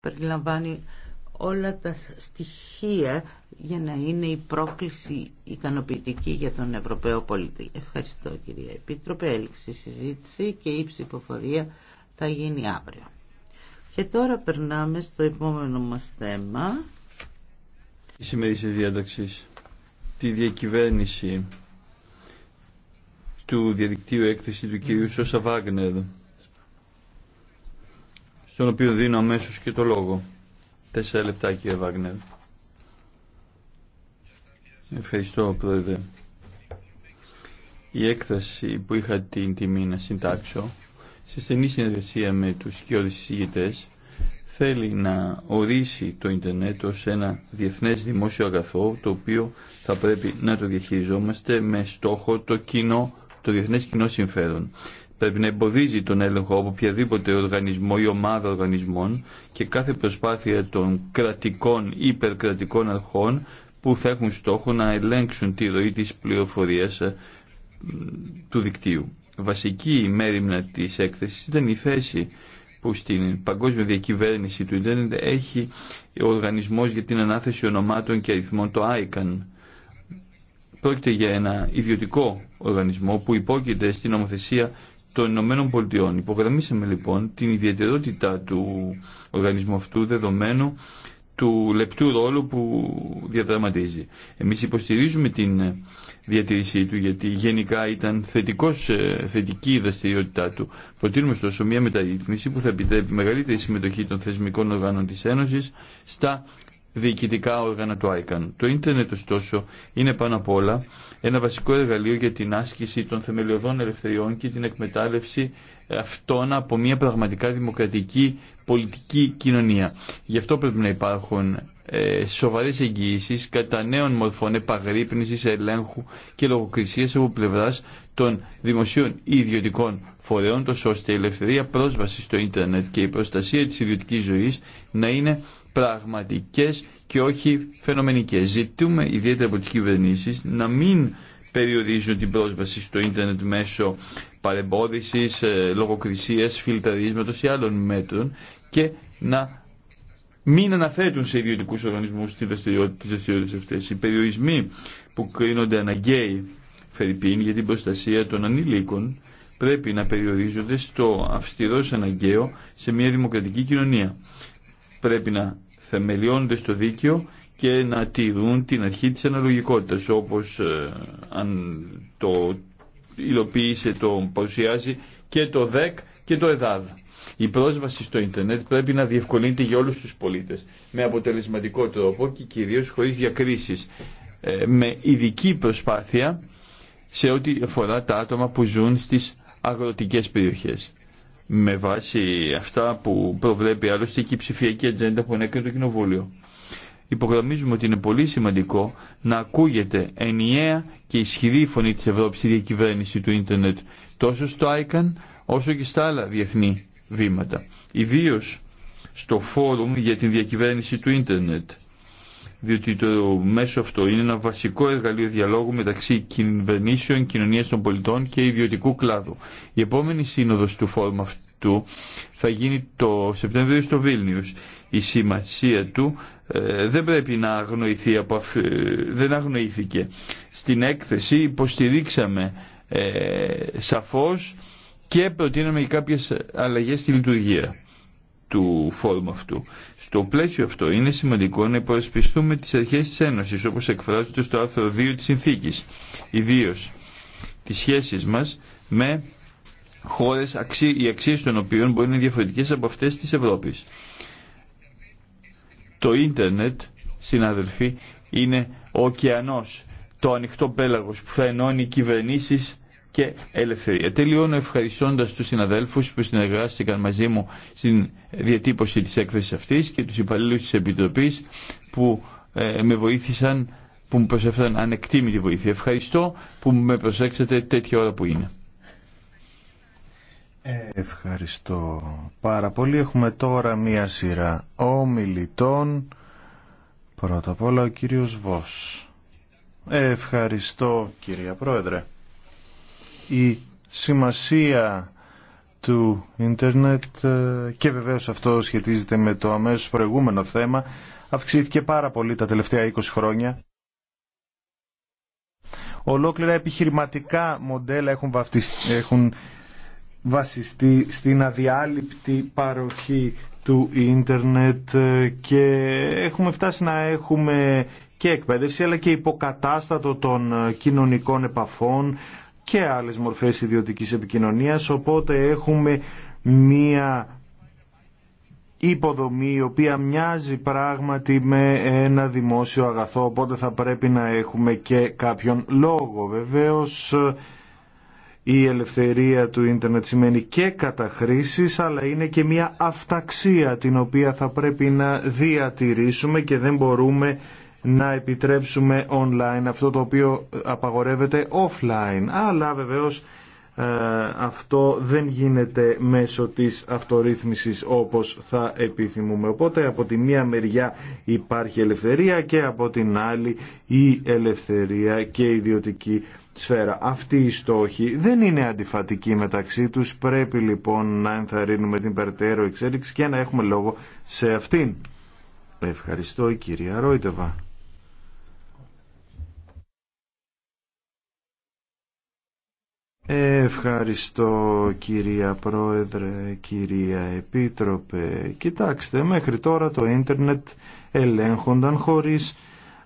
περιλαμβάνει όλα τα στοιχεία για να είναι η πρόκληση ικανοποιητική για τον Ευρωπαίο πολίτη. Ευχαριστώ κυρία Επίτροπε. Έληξη συζήτηση και η ψηφοφορία θα γίνει αύριο. Και τώρα περνάμε στο επόμενο μας θέμα. Η σημερινή διάταξη τη διακυβέρνηση του διαδικτύου έκθεση του κυρίου Σώσα στον οποίο δίνω αμέσως και το λόγο. Τέσσερα λεπτά κύριε Βάγνερ. Ευχαριστώ πρόεδρε. Η έκταση που είχα την τιμή να συντάξω σε στενή συνεργασία με τους κύριους συζητητές θέλει να ορίσει το ίντερνετ ως ένα διεθνές δημόσιο αγαθό το οποίο θα πρέπει να το διαχειριζόμαστε με στόχο το κοινό το διεθνές κοινό συμφέρον πρέπει να εμποδίζει τον έλεγχο από οποιαδήποτε οργανισμό ή ομάδα οργανισμών και κάθε προσπάθεια των κρατικών ή υπερκρατικών αρχών που θα έχουν στόχο να ελέγξουν τη ροή της πληροφορίας ε, του δικτύου. Βασική μέρημνα της έκθεσης ήταν η θέση που στην παγκόσμια διακυβέρνηση του ίντερνετ έχει ο Οργανισμός για την Ανάθεση Ονομάτων και Αριθμών, το ICANN. Πρόκειται για ένα ιδιωτικό οργανισμό που υπόκειται στην νομοθεσία των Ηνωμένων Πολιτειών. Υπογραμμίσαμε λοιπόν την ιδιαιτερότητα του οργανισμού αυτού δεδομένου του λεπτού ρόλου που διαδραματίζει. Εμείς υποστηρίζουμε την διατηρήσή του γιατί γενικά ήταν θετικός, ε, θετική η δραστηριότητά του. Προτείνουμε ωστόσο μια μεταρρύθμιση που θα επιτρέπει μεγαλύτερη συμμετοχή των θεσμικών οργάνων της Ένωσης στα διοικητικά όργανα του ΆΙΚΑΝ. Το ίντερνετ ωστόσο είναι πάνω απ' όλα ένα βασικό εργαλείο για την άσκηση των θεμελιωδών ελευθεριών και την εκμετάλλευση αυτών από μια πραγματικά δημοκρατική πολιτική κοινωνία. Γι' αυτό πρέπει να υπάρχουν σοβαρέ ε, σοβαρές εγγυήσεις κατά νέων μορφών επαγρύπνησης, ελέγχου και λογοκρισίας από πλευράς των δημοσίων ή ιδιωτικών φορέων, τόσο ώστε η ελευθερία πρόσβαση στο ίντερνετ και η προστασία τη ιδιωτική ζωής να είναι πραγματικές και όχι φαινομενικές. Ζητούμε ιδιαίτερα από τις κυβερνήσεις να μην περιορίζουν την πρόσβαση στο ίντερνετ μέσω παρεμπόδισης, ε, λογοκρισίας, φιλτραρίσματος ή άλλων μέτρων και να μην αναφέρουν σε ιδιωτικούς οργανισμούς τις δραστηριότητες αυτές. Οι περιορισμοί που κρίνονται αναγκαίοι Φερρυπίν για την προστασία των ανήλικων πρέπει να περιορίζονται στο αυστηρό αναγκαίο σε μια δημοκρατική κοινωνία πρέπει να θεμελιώνονται στο δίκαιο και να τηρούν την αρχή της αναλογικότητας όπως ε, αν το υλοποίησε, το παρουσιάζει και το ΔΕΚ και το ΕΔΑΔ. Η πρόσβαση στο ίντερνετ πρέπει να διευκολύνεται για όλους τους πολίτες με αποτελεσματικό τρόπο και κυρίως χωρίς διακρίσεις ε, με ειδική προσπάθεια σε ό,τι αφορά τα άτομα που ζουν στις αγροτικές περιοχές με βάση αυτά που προβλέπει άλλωστε και η ψηφιακή ατζέντα που ενέκρινε το Κοινοβούλιο. Υπογραμμίζουμε ότι είναι πολύ σημαντικό να ακούγεται ενιαία και ισχυρή φωνή της Ευρώπης στη διακυβέρνηση του ίντερνετ τόσο στο ICANN όσο και στα άλλα διεθνή βήματα. Ιδίως στο φόρουμ για την διακυβέρνηση του ίντερνετ διότι το μέσο αυτό είναι ένα βασικό εργαλείο διαλόγου μεταξύ κυβερνήσεων, κοινωνία των πολιτών και ιδιωτικού κλάδου. Η επόμενη σύνοδος του φόρμα αυτού θα γίνει το Σεπτέμβριο στο Βίλνιους. Η σημασία του ε, δεν πρέπει να αγνοηθεί, από ε, δεν αγνοήθηκε. Στην έκθεση υποστηρίξαμε ε, σαφώς και προτείναμε κάποιες αλλαγές στη λειτουργία του φόρουμ αυτού. Στο πλαίσιο αυτό είναι σημαντικό να υποσπιστούμε τις αρχές της Ένωσης όπως εκφράζεται στο άρθρο 2 της Συνθήκης, ιδίω τις σχέσεις μας με χώρες αξί, οι αξίες των οποίων μπορεί να είναι διαφορετικές από αυτές της Ευρώπης. Το ίντερνετ, συναδελφοί, είναι ο ωκεανός, το ανοιχτό πέλαγος που θα ενώνει κυβερνήσεις και ελευθερία. Τελειώνω ευχαριστώντας του συναδέλφους που συνεργάστηκαν μαζί μου στην διατύπωση της έκθεση αυτή και τους υπαλλήλου τη επιτροπή που ε, με βοήθησαν, που μου προσέφεραν ανεκτήμητη βοήθεια. Ευχαριστώ που με προσέξατε τέτοια ώρα που είναι. Ε, ευχαριστώ πάρα πολύ. Έχουμε τώρα μία σειρά ομιλητών. Πρώτα απ' όλα ο κύριος Βος. Ε, ευχαριστώ κυρία Πρόεδρε η σημασία του ίντερνετ ε, και βεβαίως αυτό σχετίζεται με το αμέσως προηγούμενο θέμα αυξήθηκε πάρα πολύ τα τελευταία 20 χρόνια. Ολόκληρα επιχειρηματικά μοντέλα έχουν, έχουν βασιστεί στην αδιάλειπτη παροχή του ίντερνετ ε, και έχουμε φτάσει να έχουμε και εκπαίδευση αλλά και υποκατάστατο των ε, κοινωνικών επαφών, και άλλες μορφές ιδιωτικής επικοινωνίας, οπότε έχουμε μία υποδομή η οποία μοιάζει πράγματι με ένα δημόσιο αγαθό, οπότε θα πρέπει να έχουμε και κάποιον λόγο. Βεβαίως η ελευθερία του ίντερνετ σημαίνει και καταχρήσεις, αλλά είναι και μια αυταξία την οποία θα πρέπει να διατηρήσουμε και δεν μπορούμε να επιτρέψουμε online αυτό το οποίο απαγορεύεται offline. Αλλά βεβαίως ε, αυτό δεν γίνεται μέσω της αυτορύθμισης όπως θα επιθυμούμε. Οπότε από τη μία μεριά υπάρχει ελευθερία και από την άλλη η ελευθερία και η ιδιωτική σφαίρα. Αυτοί οι στόχοι δεν είναι αντιφατική μεταξύ τους. Πρέπει λοιπόν να ενθαρρύνουμε την περτέρω εξέλιξη και να έχουμε λόγο σε αυτήν. Ευχαριστώ η κυρία Ρόιτεβα. Ευχαριστώ κυρία Πρόεδρε, κυρία Επίτροπε. Κοιτάξτε, μέχρι τώρα το ίντερνετ ελέγχονταν χωρίς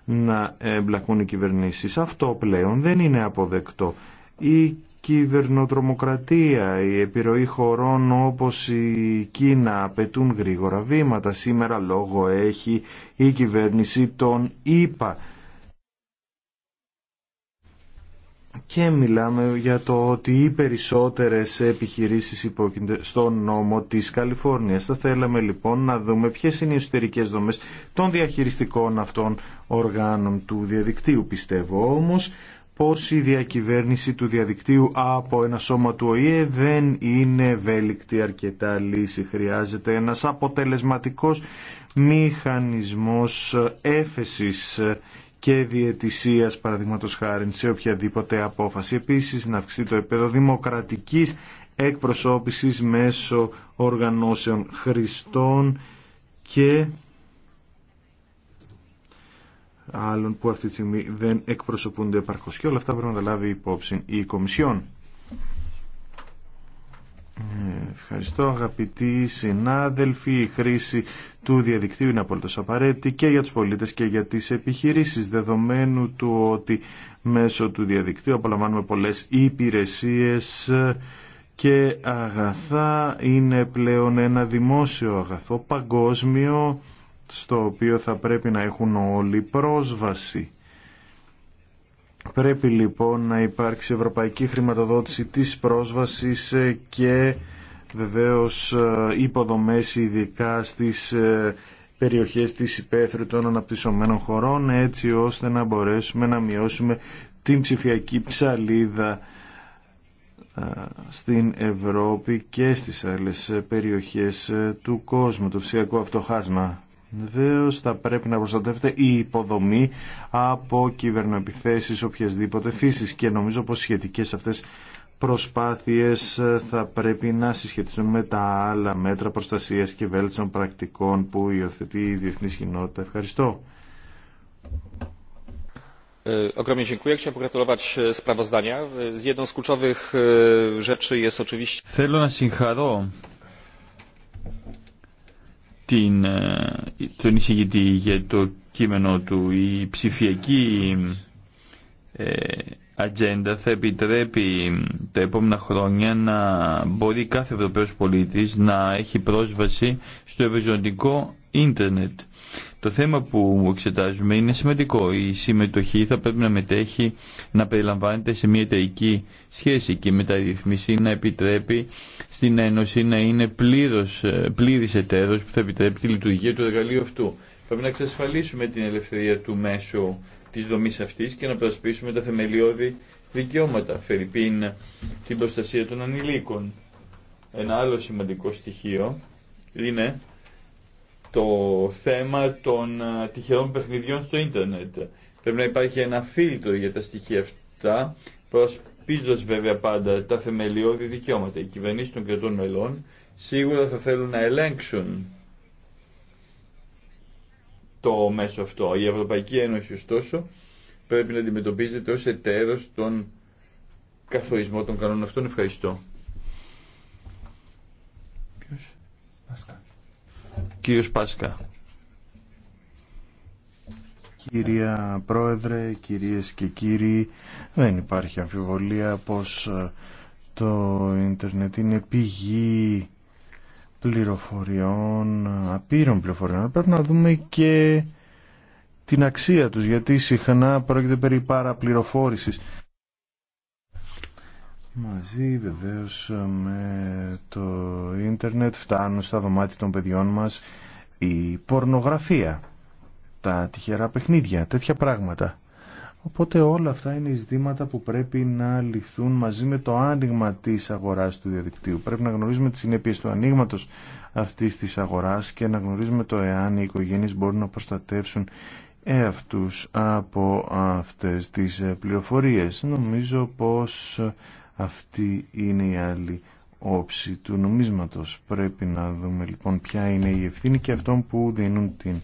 να εμπλακούν οι κυβερνήσεις. Αυτό πλέον δεν είναι αποδεκτό. Η κυβερνοτρομοκρατία, η επιρροή χωρών όπως η Κίνα απαιτούν γρήγορα βήματα. Σήμερα λόγο έχει η κυβέρνηση των ΗΠΑ και μιλάμε για το ότι οι περισσότερες επιχειρήσεις υπόκεινται στον νόμο της Καλιφόρνιας. Θα θέλαμε λοιπόν να δούμε ποιες είναι οι εσωτερικές δομές των διαχειριστικών αυτών οργάνων του διαδικτύου. Πιστεύω όμως πως η διακυβέρνηση του διαδικτύου από ένα σώμα του ΟΗΕ δεν είναι ευέλικτη αρκετά λύση. Χρειάζεται ένας αποτελεσματικός μηχανισμός έφεσης και διαιτησία, παραδείγματο χάρη σε οποιαδήποτε απόφαση. Επίση να αυξηθεί το επίπεδο δημοκρατική εκπροσώπηση μέσω οργανώσεων χρηστών και άλλων που αυτή τη στιγμή δεν εκπροσωπούνται επαρκώς. Και όλα αυτά πρέπει να τα λάβει υπόψη η Κομισιόν. Ε, ευχαριστώ αγαπητοί συνάδελφοι. Η χρήση του διαδικτύου είναι απολύτως απαραίτητη και για τους πολίτες και για τις επιχειρήσεις δεδομένου του ότι μέσω του διαδικτύου απολαμβάνουμε πολλές υπηρεσίες και αγαθά είναι πλέον ένα δημόσιο αγαθό παγκόσμιο στο οποίο θα πρέπει να έχουν όλοι πρόσβαση. Πρέπει λοιπόν να υπάρξει ευρωπαϊκή χρηματοδότηση της πρόσβασης ε, και βεβαίως ε, υποδομές ειδικά στις ε, περιοχές της υπαίθρου των αναπτυσσομένων χωρών έτσι ώστε να μπορέσουμε να μειώσουμε την ψηφιακή ψαλίδα στην Ευρώπη και στις άλλες περιοχές του κόσμου, το ψηφιακό αυτοχάσμα. Βεβαίω θα πρέπει να προστατεύεται η υποδομή από κυβερνοεπιθέσεις οποιασδήποτε φύσης και νομίζω πως σχετικές αυτές προσπάθειες θα πρέπει να συσχετιστούν με τα άλλα μέτρα προστασίας και βέλτιστων πρακτικών που υιοθετεί η διεθνή κοινότητα. Ευχαριστώ. Ε, ogromnie dziękuję. Chciałem pogratulować e, sprawozdania. E, jedną e, Θέλω να την, ε, τον εισηγητή για το κείμενο του. Η ψηφιακή ε, ατζέντα θα επιτρέπει τα επόμενα χρόνια να μπορεί κάθε Ευρωπαίος πολίτης να έχει πρόσβαση στο ευρωζωνικό ίντερνετ. Το θέμα που εξετάζουμε είναι σημαντικό. Η συμμετοχή θα πρέπει να μετέχει, να περιλαμβάνεται σε μια εταιρική σχέση και η μεταρρυθμίση να επιτρέπει στην Ένωση να είναι πλήρως, ε, πλήρης εταίρος που θα επιτρέπει τη λειτουργία του εργαλείου αυτού. Πρέπει να εξασφαλίσουμε την ελευθερία του μέσου της δομής αυτής και να προσπίσουμε τα θεμελιώδη δικαιώματα, φερρυπίν την προστασία των ανηλίκων. Ένα άλλο σημαντικό στοιχείο είναι το θέμα των ε, τυχερών παιχνιδιών στο ίντερνετ. Πρέπει να υπάρχει ένα φίλτρο για τα στοιχεία αυτά, προσπίζοντας βέβαια πάντα τα θεμελιώδη δικαιώματα. Οι κυβερνήσει των κρατών μελών σίγουρα θα θέλουν να ελέγξουν το μέσο αυτό. Η Ευρωπαϊκή Ένωση ωστόσο πρέπει να αντιμετωπίζεται ως εταίρος των καθορισμό των κανόνων αυτών. Ευχαριστώ. Κύριος Πάσκα. Κυρία Πρόεδρε, κυρίες και κύριοι, δεν υπάρχει αμφιβολία πως ε, το ίντερνετ είναι πηγή πληροφοριών, απείρων πληροφοριών. Πρέπει να δούμε και την αξία τους, γιατί συχνά πρόκειται περί παραπληροφόρησης μαζί βεβαίως με το ίντερνετ φτάνουν στα δωμάτια των παιδιών μας η πορνογραφία, τα τυχερά παιχνίδια, τέτοια πράγματα. Οπότε όλα αυτά είναι ζητήματα που πρέπει να λυθούν μαζί με το άνοιγμα της αγοράς του διαδικτύου. Πρέπει να γνωρίζουμε τις συνέπειες του ανοίγματο αυτής της αγοράς και να γνωρίζουμε το εάν οι οικογένειες μπορούν να προστατεύσουν εαυτούς από αυτές τις πληροφορίες. Νομίζω πως αυτή είναι η άλλη όψη του νομίσματος. Πρέπει να δούμε λοιπόν ποια είναι η ευθύνη και αυτών που δίνουν την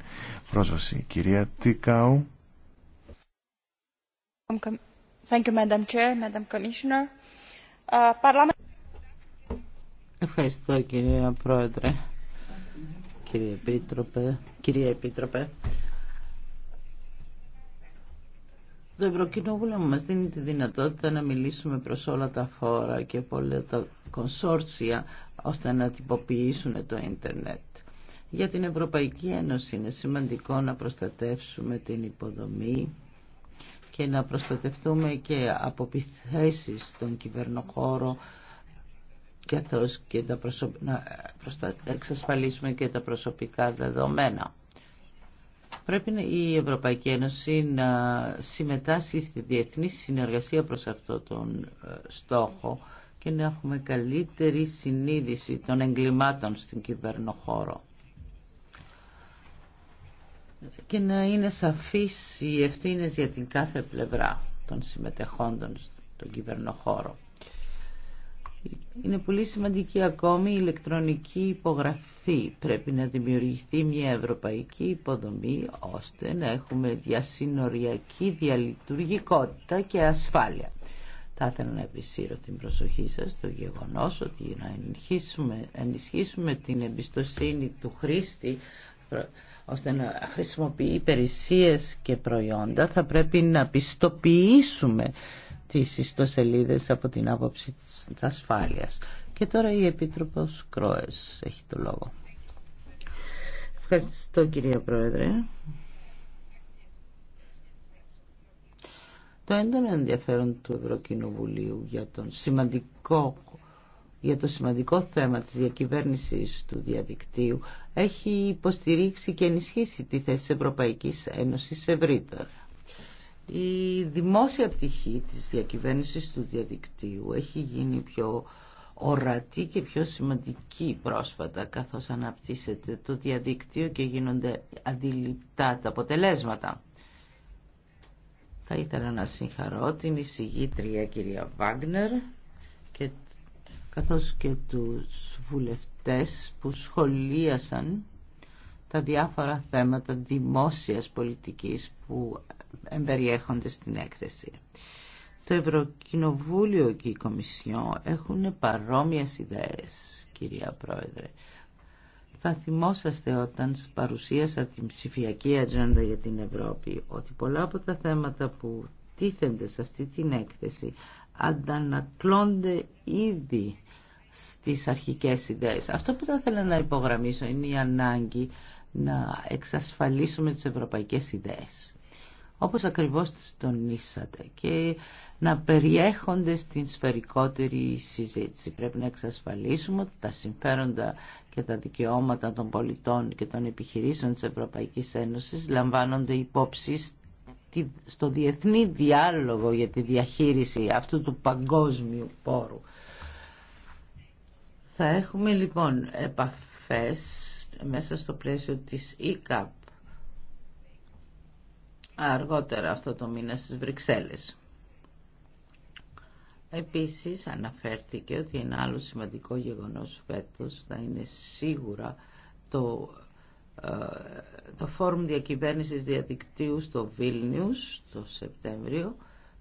πρόσβαση. Κυρία Τικάου. Ευχαριστώ κυρία Πρόεδρε, κύριε Επίτροπε, κυρία Επίτροπε. Το Ευρωκοινόβουλιο μας δίνει τη δυνατότητα να μιλήσουμε προς όλα τα φόρα και πολλά τα κονσόρτσια ώστε να τυποποιήσουν το ίντερνετ. Για την Ευρωπαϊκή Ένωση είναι σημαντικό να προστατεύσουμε την υποδομή και να προστατευτούμε και από επιθέσεις στον κυβερνοχώρο καθώς και να εξασφαλίσουμε και τα προσωπικά δεδομένα. Πρέπει η Ευρωπαϊκή Ένωση να συμμετάσχει στη διεθνή συνεργασία προς αυτό τον ε, στόχο και να έχουμε καλύτερη συνείδηση των εγκλημάτων στην κυβερνοχώρο και να είναι σαφής οι ευθύνες για την κάθε πλευρά των συμμετεχόντων στον κυβερνοχώρο. Είναι πολύ σημαντική ακόμη η ηλεκτρονική υπογραφή. Πρέπει να δημιουργηθεί μια ευρωπαϊκή υποδομή ώστε να έχουμε διασυνοριακή διαλειτουργικότητα και ασφάλεια. Θα ήθελα να επισύρω την προσοχή σας στο γεγονός ότι να ενισχύσουμε, την εμπιστοσύνη του χρήστη ώστε να χρησιμοποιεί υπηρεσίε και προϊόντα θα πρέπει να πιστοποιήσουμε τις ιστοσελίδες από την άποψη της ασφάλειας. Και τώρα η Επίτροπος Κρόες έχει το λόγο. Ευχαριστώ κυρία Πρόεδρε. Το έντονο ενδιαφέρον του Ευρωκοινοβουλίου για, τον σημαντικό, για το σημαντικό θέμα της διακυβέρνησης του διαδικτύου έχει υποστηρίξει και ενισχύσει τη θέση της Ευρωπαϊκής Ένωσης ευρύτερα. Η δημόσια πτυχή της διακυβέρνησης του διαδικτύου έχει γίνει πιο ορατή και πιο σημαντική πρόσφατα καθώς αναπτύσσεται το διαδικτύο και γίνονται αντιληπτά τα αποτελέσματα. Θα ήθελα να συγχαρώ την εισηγήτρια κυρία Βάγνερ και, καθώς και τους βουλευτές που σχολίασαν τα διάφορα θέματα δημόσιας πολιτικής που εμπεριέχονται στην έκθεση. Το Ευρωκοινοβούλιο και η Κομισιό έχουν παρόμοιες ιδέες, κυρία Πρόεδρε. Θα θυμόσαστε όταν παρουσίασα την ψηφιακή ατζέντα για την Ευρώπη ότι πολλά από τα θέματα που τίθενται σε αυτή την έκθεση αντανακλώνται ήδη στις αρχικές ιδέες. Αυτό που θα ήθελα να υπογραμμίσω είναι η ανάγκη να εξασφαλίσουμε τις ευρωπαϊκές ιδέες όπως ακριβώς τονίσατε και να περιέχονται στην σφαιρικότερη συζήτηση. Πρέπει να εξασφαλίσουμε ότι τα συμφέροντα και τα δικαιώματα των πολιτών και των επιχειρήσεων της Ευρωπαϊκής Ένωσης λαμβάνονται υπόψη στο διεθνή διάλογο για τη διαχείριση αυτού του παγκόσμιου πόρου. Θα έχουμε λοιπόν επαφές μέσα στο πλαίσιο της ΕΚΑΠ αργότερα αυτό το μήνα στις Βρυξέλλες. Επίσης αναφέρθηκε ότι ένα άλλο σημαντικό γεγονός φέτος θα είναι σίγουρα το, ε, το Φόρουμ Διακυβέρνησης Διαδικτύου στο Βίλνιους το Σεπτέμβριο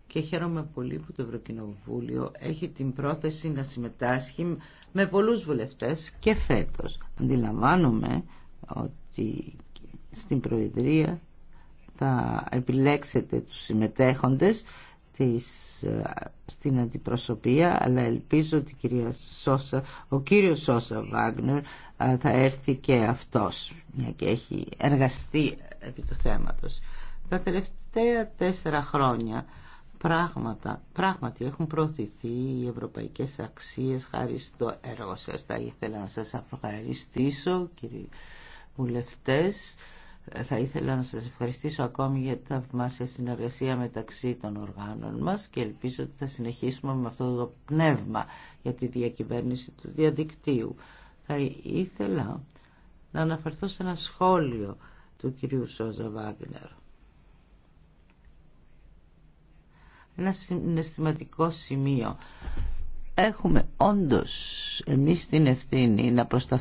και χαίρομαι πολύ που το Ευρωκοινοβούλιο έχει την πρόθεση να συμμετάσχει με πολλούς βουλευτές και φέτος. Αντιλαμβάνομαι ότι στην Προεδρία θα επιλέξετε τους συμμετέχοντες της, ε, στην αντιπροσωπεία αλλά ελπίζω ότι κυρία σόσα ο κύριος Σόσα Βάγνερ ε, θα έρθει και αυτός μια και έχει εργαστεί επί του θέματος τα τελευταία τέσσερα χρόνια πράγματα, πράγματι έχουν προωθηθεί οι ευρωπαϊκές αξίες χάρη στο έργο σας θα ήθελα να σας ευχαριστήσω κύριοι βουλευτές θα ήθελα να σας ευχαριστήσω ακόμη για τη θαυμάσια συνεργασία μεταξύ των οργάνων μας και ελπίζω ότι θα συνεχίσουμε με αυτό το πνεύμα για τη διακυβέρνηση του διαδικτύου. Θα ήθελα να αναφερθώ σε ένα σχόλιο του κυρίου Σόζα Βάγκνερ. Ένα συναισθηματικό σημείο έχουμε όντως εμείς την ευθύνη να, προστα...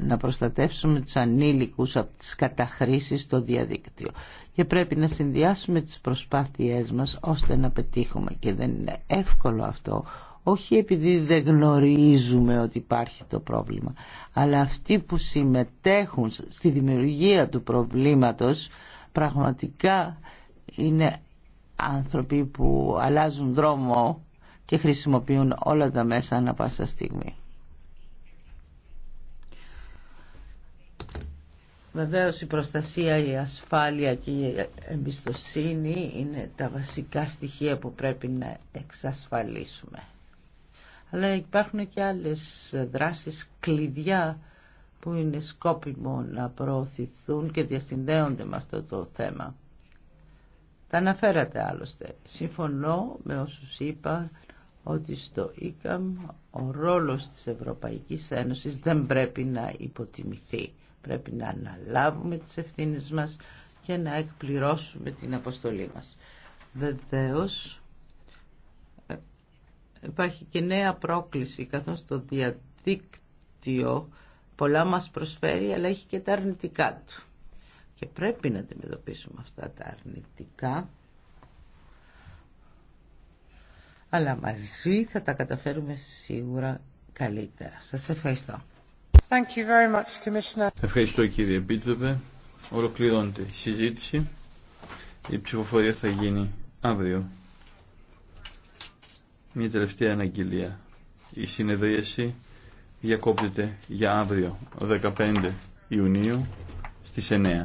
να προστατεύσουμε τους ανήλικους από τις καταχρήσεις στο διαδίκτυο και πρέπει να συνδυάσουμε τις προσπάθειές μας ώστε να πετύχουμε και δεν είναι εύκολο αυτό όχι επειδή δεν γνωρίζουμε ότι υπάρχει το πρόβλημα αλλά αυτοί που συμμετέχουν στη δημιουργία του προβλήματος πραγματικά είναι άνθρωποι που αλλάζουν δρόμο και χρησιμοποιούν όλα τα μέσα ανά πάσα στιγμή. Βεβαίω η προστασία, η ασφάλεια και η εμπιστοσύνη είναι τα βασικά στοιχεία που πρέπει να εξασφαλίσουμε. Αλλά υπάρχουν και άλλες δράσεις κλειδιά που είναι σκόπιμο να προωθηθούν και διασυνδέονται με αυτό το θέμα. Τα αναφέρατε άλλωστε. Συμφωνώ με όσους είπα ότι στο ΙΚΑΜ ο ρόλος της Ευρωπαϊκής Ένωσης δεν πρέπει να υποτιμηθεί. Πρέπει να αναλάβουμε τις ευθύνες μας και να εκπληρώσουμε την αποστολή μας. Βεβαίως ε, υπάρχει και νέα πρόκληση καθώς το διαδίκτυο πολλά μας προσφέρει αλλά έχει και τα αρνητικά του. Και πρέπει να αντιμετωπίσουμε αυτά τα αρνητικά αλλά μαζί θα τα καταφέρουμε σίγουρα καλύτερα. Σας ευχαριστώ. Thank you very much, Commissioner. Ευχαριστώ κύριε Επίτροπε. Ολοκληρώνεται η συζήτηση. Η ψηφοφορία θα γίνει αύριο. Μια τελευταία αναγγελία. Η συνεδρίαση διακόπτεται για αύριο, 15 Ιουνίου, στις 9.